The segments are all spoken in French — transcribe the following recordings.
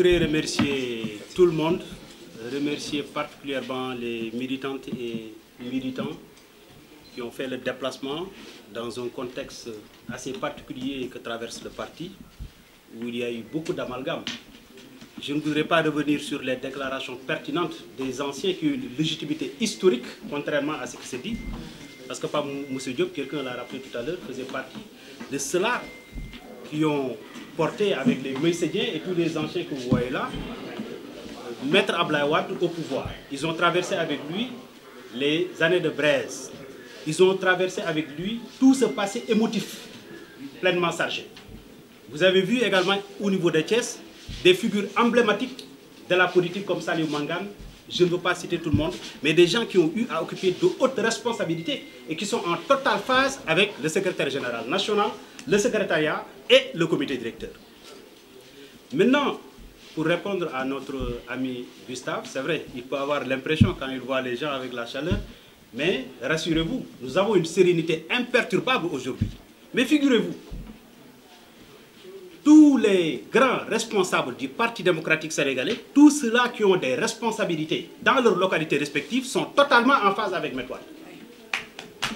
Je voudrais remercier tout le monde, remercier particulièrement les militantes et militants qui ont fait le déplacement dans un contexte assez particulier que traverse le parti, où il y a eu beaucoup d'amalgames. Je ne voudrais pas revenir sur les déclarations pertinentes des anciens qui ont une légitimité historique, contrairement à ce qui s'est dit, parce que M. Diop, quelqu'un l'a rappelé tout à l'heure, faisait partie de cela qui ont porté avec les Messidiens et tous les anciens que vous voyez là, Maître Ablaïwad au pouvoir. Ils ont traversé avec lui les années de braise. Ils ont traversé avec lui tout ce passé émotif, pleinement chargé. Vous avez vu également au niveau des Thiès des figures emblématiques de la politique comme Saliou Mangan, je ne veux pas citer tout le monde, mais des gens qui ont eu à occuper de hautes responsabilités et qui sont en totale phase avec le secrétaire général national, le secrétariat et le comité directeur. Maintenant, pour répondre à notre ami Gustave, c'est vrai, il peut avoir l'impression quand il voit les gens avec la chaleur, mais rassurez-vous, nous avons une sérénité imperturbable aujourd'hui. Mais figurez-vous, tous les grands responsables du Parti démocratique sénégalais, tous ceux-là qui ont des responsabilités dans leurs localités respectives, sont totalement en phase avec Métoile.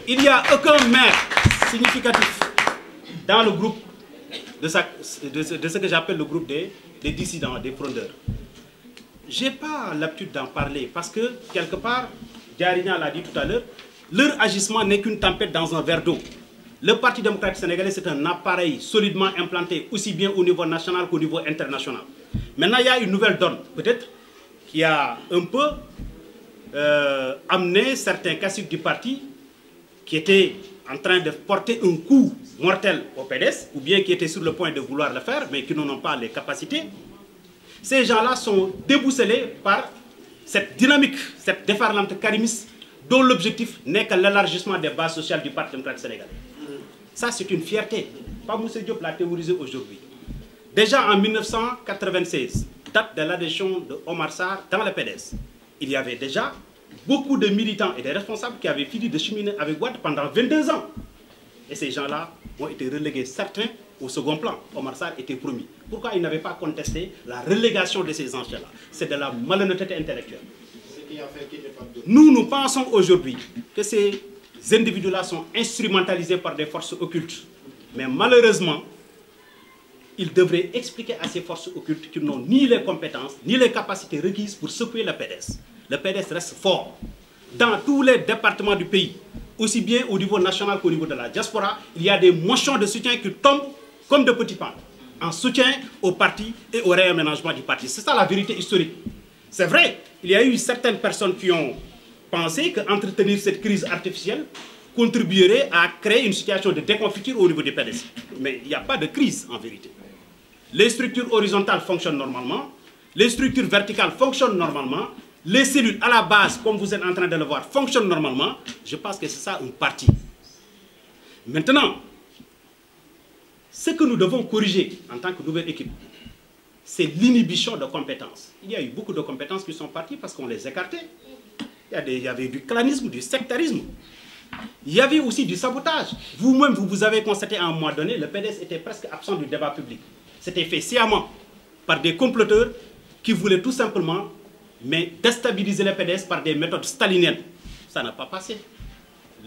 Il n'y a aucun maire significatif dans le groupe de, de, ce que j'appelle le groupe des, dissidents, des frondeurs. Je n'ai pas l'habitude d'en parler parce que, quelque part, Diarina l'a dit tout à l'heure, leur agissement n'est qu'une tempête dans un verre d'eau. Le Parti démocratique sénégalais, c'est un appareil solidement implanté, aussi bien au niveau national qu'au niveau international. Maintenant, il y a une nouvelle donne, peut-être, qui a un peu euh, amené certains classiques du parti qui étaient en train de porter un coup mortels au PDS, ou bien qui étaient sur le point de vouloir le faire, mais qui n'en ont pas les capacités, ces gens-là sont débousselés par cette dynamique, cette déferlante carimiste, dont l'objectif n'est que l'élargissement des bases sociales du Parti démocrate sénégalais. Ça, c'est une fierté. Pas Moussé Diop l'a théorisé aujourd'hui. Déjà en 1996, date de l'adhésion de Omar Sarr dans le PDS, il y avait déjà beaucoup de militants et des responsables qui avaient fini de cheminer avec Watt pendant 22 ans. Et ces gens-là ont été relégués certains au second plan. Omar Sarr était promis. Pourquoi il n'avait pas contesté la relégation de ces anciens-là C'est de la malhonnêteté intellectuelle. Nous, nous pensons aujourd'hui que ces individus-là sont instrumentalisés par des forces occultes. Mais malheureusement, ils devraient expliquer à ces forces occultes qu'ils n'ont ni les compétences, ni les capacités requises pour secouer le PDS. Le PDS reste fort dans tous les départements du pays aussi bien au niveau national qu'au niveau de la diaspora, il y a des motions de soutien qui tombent comme de petits pains, en soutien au parti et au réaménagement du parti. C'est ça la vérité historique. C'est vrai, il y a eu certaines personnes qui ont pensé qu'entretenir cette crise artificielle contribuerait à créer une situation de déconfiture au niveau des PDC. Mais il n'y a pas de crise en vérité. Les structures horizontales fonctionnent normalement, les structures verticales fonctionnent normalement, les cellules à la base, comme vous êtes en train de le voir, fonctionnent normalement, je pense que c'est ça une partie. Maintenant, ce que nous devons corriger en tant que nouvelle équipe, c'est l'inhibition de compétences. Il y a eu beaucoup de compétences qui sont parties parce qu'on les écartait. Il y, il y, avait du clanisme, du sectarisme. Il y avait aussi du sabotage. Vous-même, vous, vous avez constaté à un moment donné, le PDS était presque absent du débat public. C'était fait sciemment par des comploteurs qui voulaient tout simplement mais déstabiliser le PDS par des méthodes staliniennes, ça n'a pas passé.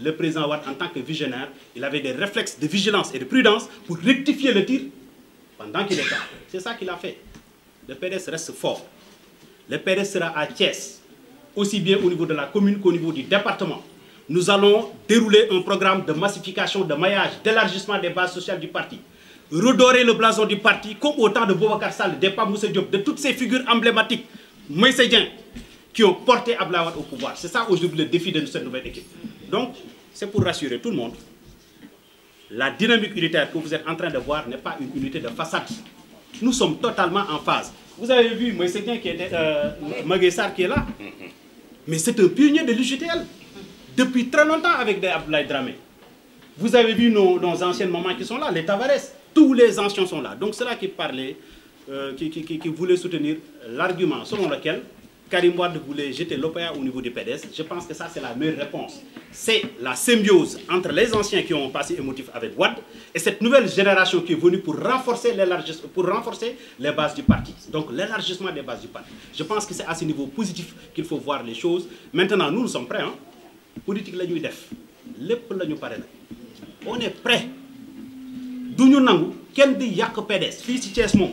Le président en tant que visionnaire, il avait des réflexes de vigilance et de prudence pour rectifier le tir pendant qu'il était. C'est ça qu'il a fait. Le PDS reste fort. Le PDS sera à Thiès, aussi bien au niveau de la commune qu'au niveau du département. Nous allons dérouler un programme de massification, de maillage, d'élargissement des bases sociales du parti redorer le blason du parti, comme au de Boubacar Sall, de Moussa Diop, de toutes ces figures emblématiques Moïse qui ont porté Ablawad au pouvoir. C'est ça aujourd'hui le défi de cette nouvelle équipe. Donc, c'est pour rassurer tout le monde. La dynamique unitaire que vous êtes en train de voir n'est pas une unité de façade. Nous sommes totalement en phase. Vous avez vu Moïse qui était... Euh, qui est là. Mais c'est un pionnier de l'UGTL. Depuis très longtemps avec des Dramé. Vous avez vu nos, anciens anciennes mamans qui sont là, les Tavares. Tous les anciens sont là. Donc, c'est là qui parlait euh, qui, voulait soutenir l'argument selon lequel Karim Wade voulait jeter l'OPA au niveau du PDS. Je pense que ça, c'est la meilleure réponse. C'est la symbiose entre les anciens qui ont passé émotif avec Wade et cette nouvelle génération qui est venue pour renforcer, pour renforcer les bases du parti. Donc l'élargissement des bases du parti. Je pense que c'est à ce niveau positif qu'il faut voir les choses. Maintenant, nous, nous sommes prêts. Hein. Politique, la nuit fait. On est prêts. D'où nous n'avons PDS. Félicitations